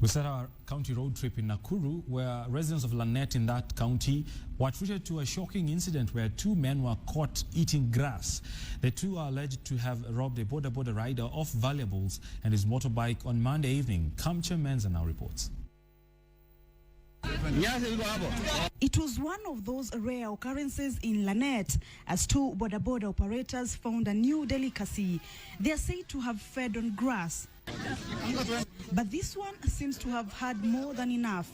We set our county road trip in Nakuru, where residents of Lanet in that county were treated to a shocking incident where two men were caught eating grass. The two are alleged to have robbed a border border rider of valuables and his motorbike on Monday evening. Kamche Menza now reports. It was one of those rare occurrences in Lanet as two border border operators found a new delicacy. They are said to have fed on grass But this one seems to have had more than enough.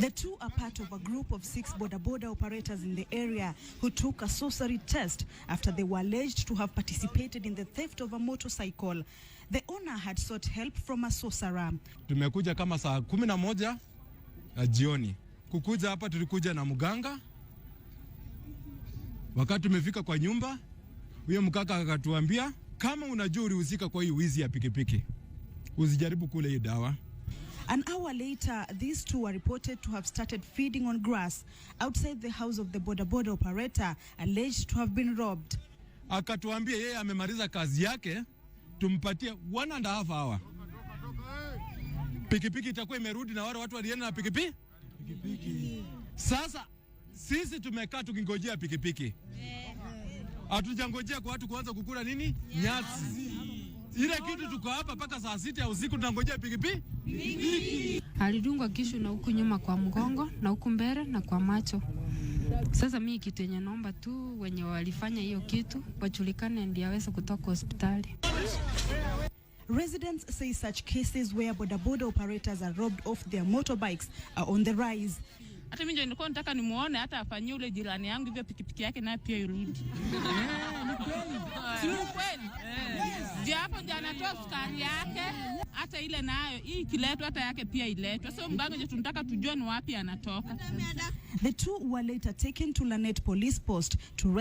The two are part of a group of six border border operators in the area who took a sorcery test after they were alleged to have participated in the theft of a motorcycle. The owner had sought help from a sorcerer. Tumekuja kama saa kumi na moja jioni. Kukuja hapa tulikuja na mganga. Wakati tumefika kwa nyumba, huyo mkaka akatuambia kama unajua ulihusika kwa hii wizi ya pikipiki, usijaribu kule hii dawa. An hour later, these two were reported to have started feeding on grass outside the house of the boda boda operator alleged to have been robbed. Akatuambia yeye amemaliza kazi yake, tumpatie one and a half hour. Pikipiki itakuwa imerudi na wale watu walienda na pikipiki. Sasa sisi tumekaa tukingojea pikipiki hatujangojea kwa watu kuanza kukula nini nyasi. Ile kitu tuko hapa mpaka saa sita ya usiku tunangojea pikipi. Alidungwa kishu na huku nyuma kwa mgongo na huku mbele na kwa macho. Sasa mimi kitu yenye naomba tu wenye walifanya hiyo kitu wajulikane ndio aweze kutoka hospitali. Residents say such cases where bodaboda operators are robbed off their motorbikes are on the rise. Hata mimi ndio nilikuwa nataka nimuone hata afanyie ule jirani yangu hivyo pikipiki yake naye pia irudi. Eh, si eh. kweli? Ndio hapo ndio anatoa sukari yake hata ile nayo hii ikiletwa hata yake pia iletwe. So mganga je, tunataka tujue ni wapi anatoka. The two were later taken to Lanet police post to